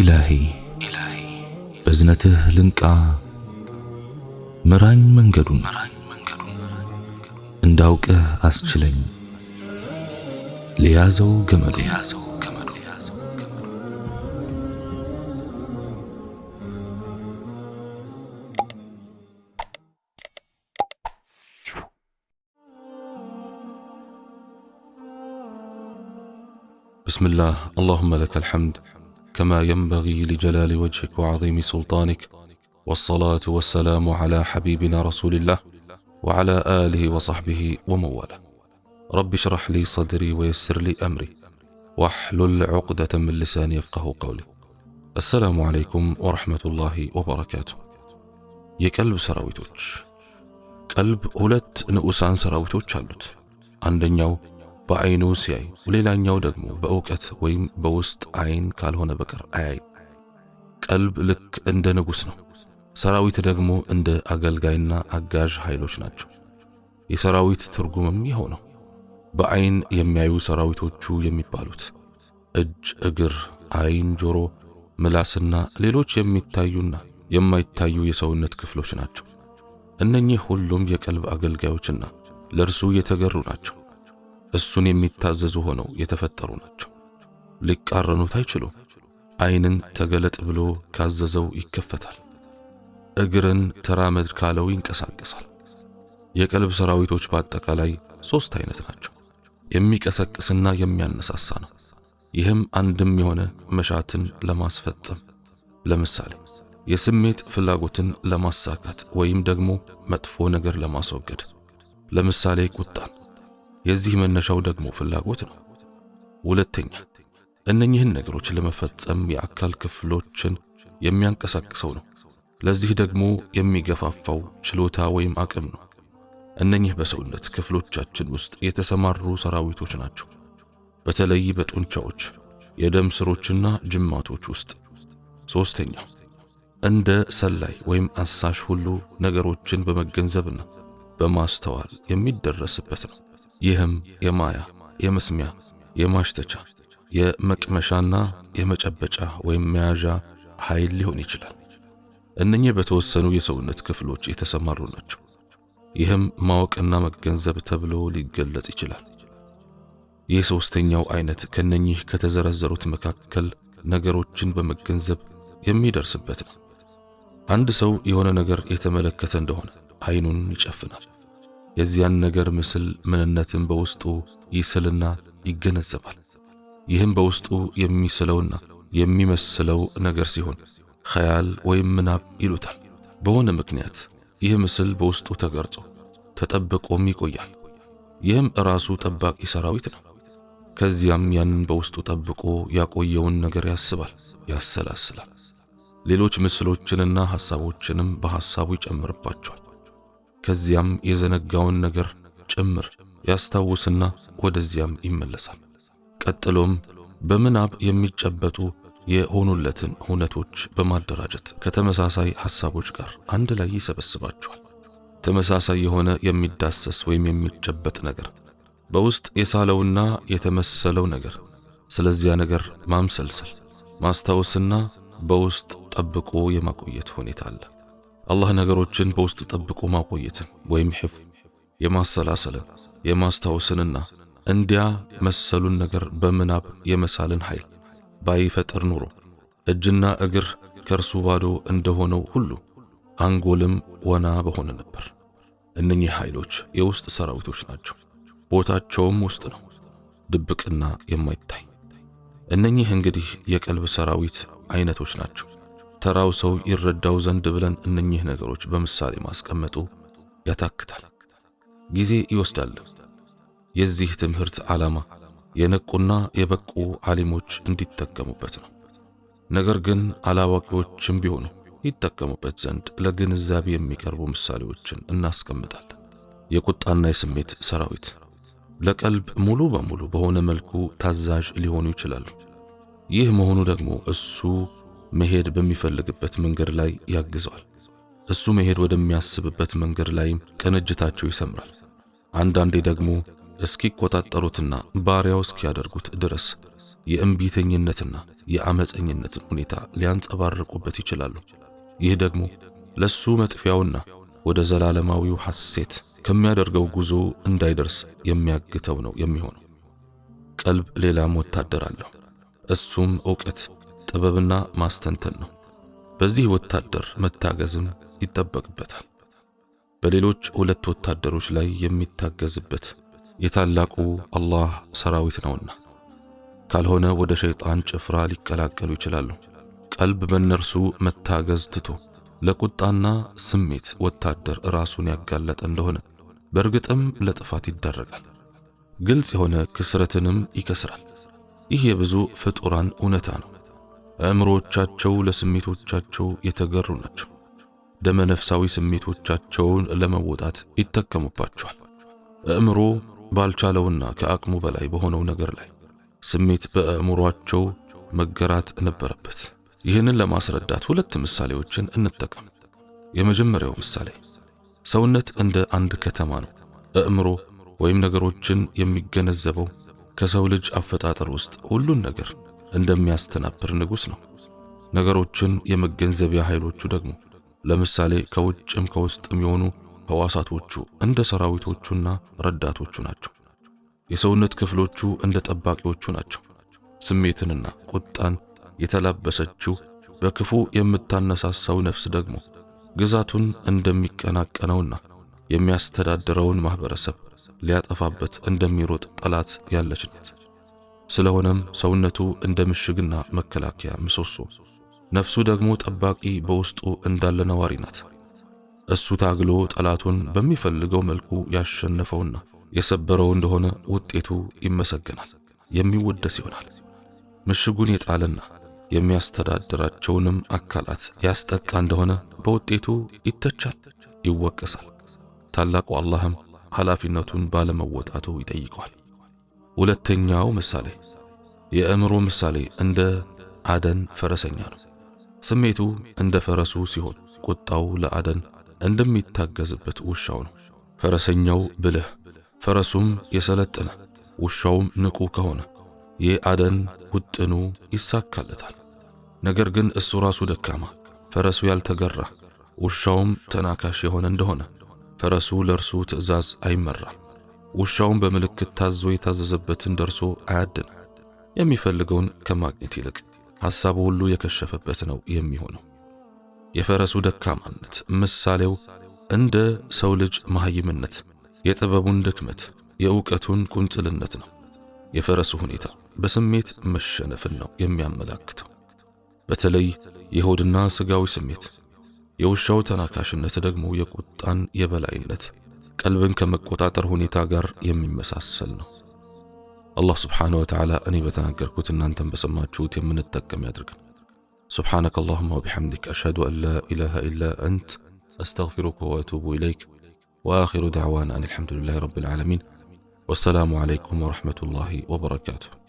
إلهي إلهي بزنته لنكا مران منجدو مران منجدو انداوك أسجلين ليازو جمل ليازو جمل ليازو جمل بسم الله اللهم لك الحمد كما ينبغي لجلال وجهك وعظيم سلطانك والصلاة والسلام على حبيبنا رسول الله وعلى آله وصحبه ومواله رب اشرح لي صدري ويسر لي أمري واحلل عقدة من لساني يفقه قولي السلام عليكم ورحمة الله وبركاته كلب سراويتوش كلب ሁለት نؤسان سراويتوش عندن يو በአይኑ ሲያይ፣ ሌላኛው ደግሞ በእውቀት ወይም በውስጥ አይን ካልሆነ በቀር አያይ። ቀልብ ልክ እንደ ንጉሥ ነው። ሰራዊት ደግሞ እንደ አገልጋይና አጋዥ ኃይሎች ናቸው። የሰራዊት ትርጉምም ይኸው ነው። በአይን የሚያዩ ሰራዊቶቹ የሚባሉት እጅ፣ እግር፣ አይን ጆሮ፣ ምላስና ሌሎች የሚታዩና የማይታዩ የሰውነት ክፍሎች ናቸው። እነኚህ ሁሉም የቀልብ አገልጋዮችና ለእርሱ የተገሩ ናቸው። እሱን የሚታዘዙ ሆነው የተፈጠሩ ናቸው። ሊቃረኑት አይችሉም። ዓይንን ተገለጥ ብሎ ካዘዘው ይከፈታል። እግርን ተራመድ ካለው ይንቀሳቀሳል። የቀልብ ሰራዊቶች በአጠቃላይ ሦስት አይነት ናቸው። የሚቀሰቅስና የሚያነሳሳ ነው። ይህም አንድም የሆነ መሻትን ለማስፈጸም ለምሳሌ የስሜት ፍላጎትን ለማሳካት ወይም ደግሞ መጥፎ ነገር ለማስወገድ ለምሳሌ ቁጣን የዚህ መነሻው ደግሞ ፍላጎት ነው። ሁለተኛ እነኚህን ነገሮች ለመፈጸም የአካል ክፍሎችን የሚያንቀሳቅሰው ነው። ለዚህ ደግሞ የሚገፋፋው ችሎታ ወይም አቅም ነው። እነኚህ በሰውነት ክፍሎቻችን ውስጥ የተሰማሩ ሰራዊቶች ናቸው። በተለይ በጡንቻዎች፣ የደም ስሮችና ጅማቶች ውስጥ። ሶስተኛ እንደ ሰላይ ወይም አሳሽ ሁሉ ነገሮችን በመገንዘብና በማስተዋል የሚደረስበት ነው። ይህም የማያ የመስሚያ የማሽተቻ የመቅመሻና የመጨበጫ ወይም መያዣ ኃይል ሊሆን ይችላል። እነኚህ በተወሰኑ የሰውነት ክፍሎች የተሰማሩ ናቸው። ይህም ማወቅና መገንዘብ ተብሎ ሊገለጽ ይችላል። ይህ ሦስተኛው ዐይነት ከነኚህ ከተዘረዘሩት መካከል ነገሮችን በመገንዘብ የሚደርስበት ነው። አንድ ሰው የሆነ ነገር የተመለከተ እንደሆነ ዐይኑን ይጨፍናል። የዚያን ነገር ምስል ምንነትን በውስጡ ይስልና ይገነዘባል። ይህም በውስጡ የሚስለውና የሚመስለው ነገር ሲሆን ኸያል ወይም ምናብ ይሉታል። በሆነ ምክንያት ይህ ምስል በውስጡ ተገርጾ ተጠብቆም ይቆያል። ይህም ራሱ ጠባቂ ሰራዊት ነው። ከዚያም ያንን በውስጡ ጠብቆ ያቆየውን ነገር ያስባል፣ ያሰላስላል። ሌሎች ምስሎችንና ሐሳቦችንም በሐሳቡ ይጨምርባቸዋል። ከዚያም የዘነጋውን ነገር ጭምር ያስታውስና ወደዚያም ይመለሳል። ቀጥሎም በምናብ የሚጨበጡ የሆኑለትን ሁነቶች በማደራጀት ከተመሳሳይ ሐሳቦች ጋር አንድ ላይ ይሰበስባቸዋል። ተመሳሳይ የሆነ የሚዳሰስ ወይም የሚጨበጥ ነገር በውስጥ የሳለውና የተመሰለው ነገር ስለዚያ ነገር ማምሰልሰል፣ ማስታወስና በውስጥ ጠብቆ የማቆየት ሁኔታ አለ። አላህ ነገሮችን በውስጥ ጠብቆ ማቆየትን ወይም ሕፍ የማሰላሰልን የማስታወስንና እንዲያ መሰሉን ነገር በምናብ የመሳልን ኃይል ባይፈጠር ኑሮ እጅና እግር ከእርሱ ባዶ እንደሆነው ሁሉ አንጎልም ወና በሆነ ነበር። እነኚህ ኃይሎች የውስጥ ሰራዊቶች ናቸው። ቦታቸውም ውስጥ ነው፣ ድብቅና የማይታይ። እነኚህ እንግዲህ የቀልብ ሰራዊት አይነቶች ናቸው። ተራው ሰው ይረዳው ዘንድ ብለን እነኚህ ነገሮች በምሳሌ ማስቀመጡ ያታክታል፣ ጊዜ ይወስዳል። የዚህ ትምህርት ዓላማ የነቁና የበቁ ዓሊሞች እንዲጠቀሙበት ነው። ነገር ግን አላዋቂዎችም ቢሆኑ ይጠቀሙበት ዘንድ ለግንዛቤ የሚቀርቡ ምሳሌዎችን እናስቀምጣለን። የቁጣና የስሜት ሰራዊት ለቀልብ ሙሉ በሙሉ በሆነ መልኩ ታዛዥ ሊሆኑ ይችላሉ። ይህ መሆኑ ደግሞ እሱ መሄድ በሚፈልግበት መንገድ ላይ ያግዘዋል። እሱ መሄድ ወደሚያስብበት መንገድ ላይም ቅንጅታቸው ይሰምራል። አንዳንዴ ደግሞ እስኪቆጣጠሩትና ባሪያው እስኪያደርጉት ድረስ የእምቢተኝነትና የአመፀኝነትን ሁኔታ ሊያንጸባርቁበት ይችላሉ። ይህ ደግሞ ለሱ መጥፊያውና ወደ ዘላለማዊው ሐሴት ከሚያደርገው ጉዞ እንዳይደርስ የሚያግተው ነው የሚሆነው። ቀልብ ሌላም ወታደር አለው። እሱም ዕውቀት ጥበብና ማስተንተን ነው። በዚህ ወታደር መታገዝም ይጠበቅበታል። በሌሎች ሁለት ወታደሮች ላይ የሚታገዝበት የታላቁ አላህ ሰራዊት ነውና፣ ካልሆነ ወደ ሸይጣን ጭፍራ ሊቀላቀሉ ይችላሉ። ቀልብ በእነርሱ መታገዝ ትቶ ለቁጣና ስሜት ወታደር ራሱን ያጋለጠ እንደሆነ በእርግጥም ለጥፋት ይዳረጋል። ግልጽ የሆነ ክስረትንም ይከስራል። ይህ የብዙ ፍጡራን እውነታ ነው። አእምሮዎቻቸው ለስሜቶቻቸው የተገሩ ናቸው። ነፍሳዊ ስሜቶቻቸውን ለመወጣት ይጠቀሙባቸዋል። አእምሮ ባልቻለውና ከአቅሙ በላይ በሆነው ነገር ላይ ስሜት በአእምሮአቸው መገራት ነበረበት። ይህንን ለማስረዳት ሁለት ምሳሌዎችን እንጠቀም። የመጀመሪያው ምሳሌ ሰውነት እንደ አንድ ከተማ ነው። አእምሮ ወይም ነገሮችን የሚገነዘበው ከሰው ልጅ አፈጣጠር ውስጥ ሁሉን ነገር እንደሚያስተናብር ንጉሥ ነው። ነገሮችን የመገንዘቢያ ኃይሎቹ ደግሞ ለምሳሌ ከውጭም ከውስጥም የሆኑ ሕዋሳቶቹ እንደ ሰራዊቶቹና ረዳቶቹ ናቸው። የሰውነት ክፍሎቹ እንደ ጠባቂዎቹ ናቸው። ስሜትንና ቁጣን የተላበሰችው በክፉ የምታነሳሳው ነፍስ ደግሞ ግዛቱን እንደሚቀናቀነውና የሚያስተዳድረውን ማኅበረሰብ ሊያጠፋበት እንደሚሮጥ ጠላት ያለች ናት። ስለሆነም ሰውነቱ እንደ ምሽግና መከላከያ ምሰሶ፣ ነፍሱ ደግሞ ጠባቂ በውስጡ እንዳለ ነዋሪ ናት። እሱ ታግሎ ጠላቱን በሚፈልገው መልኩ ያሸነፈውና የሰበረው እንደሆነ ውጤቱ ይመሰገናል፣ የሚወደስ ይሆናል። ምሽጉን የጣለና የሚያስተዳድራቸውንም አካላት ያስጠቃ እንደሆነ በውጤቱ ይተቻል፣ ይወቀሳል። ታላቁ አላህም ኃላፊነቱን ባለመወጣቱ ይጠይቀዋል። ሁለተኛው ምሳሌ የአእምሮ ምሳሌ እንደ አደን ፈረሰኛ ነው። ስሜቱ እንደ ፈረሱ ሲሆን፣ ቁጣው ለአደን እንደሚታገዝበት ውሻው ነው። ፈረሰኛው ብልህ፣ ፈረሱም የሰለጠነ፣ ውሻውም ንቁ ከሆነ የአደን ውጥኑ ይሳካለታል። ነገር ግን እሱ ራሱ ደካማ፣ ፈረሱ ያልተገራ፣ ውሻውም ተናካሽ የሆነ እንደሆነ ፈረሱ ለእርሱ ትዕዛዝ አይመራም። ውሻውን በምልክት ታዞ የታዘዘበትን ደርሶ አያድን። የሚፈልገውን ከማግኘት ይልቅ ሐሳቡ ሁሉ የከሸፈበት ነው የሚሆነው። የፈረሱ ደካማነት ምሳሌው እንደ ሰው ልጅ መሐይምነት፣ የጥበቡን ድክመት፣ የእውቀቱን ቁንጽልነት ነው። የፈረሱ ሁኔታ በስሜት መሸነፍን ነው የሚያመላክተው። በተለይ የሆድና ስጋዊ ስሜት። የውሻው ተናካሽነት ደግሞ የቁጣን የበላይነት ቀልብን ከመቆጣጠር ሁኔታ ጋር የሚመሳሰል ነው። አላህ ስብሓነ ወተዓላ እኔ በተናገርኩት እናንተን በሰማችሁት የምንጠቀም ያድርገን። سبحانك اللهم وبحمدك أشهد أن لا إله إلا أنت أستغفرك وأتوب إليك وآخر دعوانا أن الحمد لله رب العالمين والسلام عليكم ورحمة الله وبركاته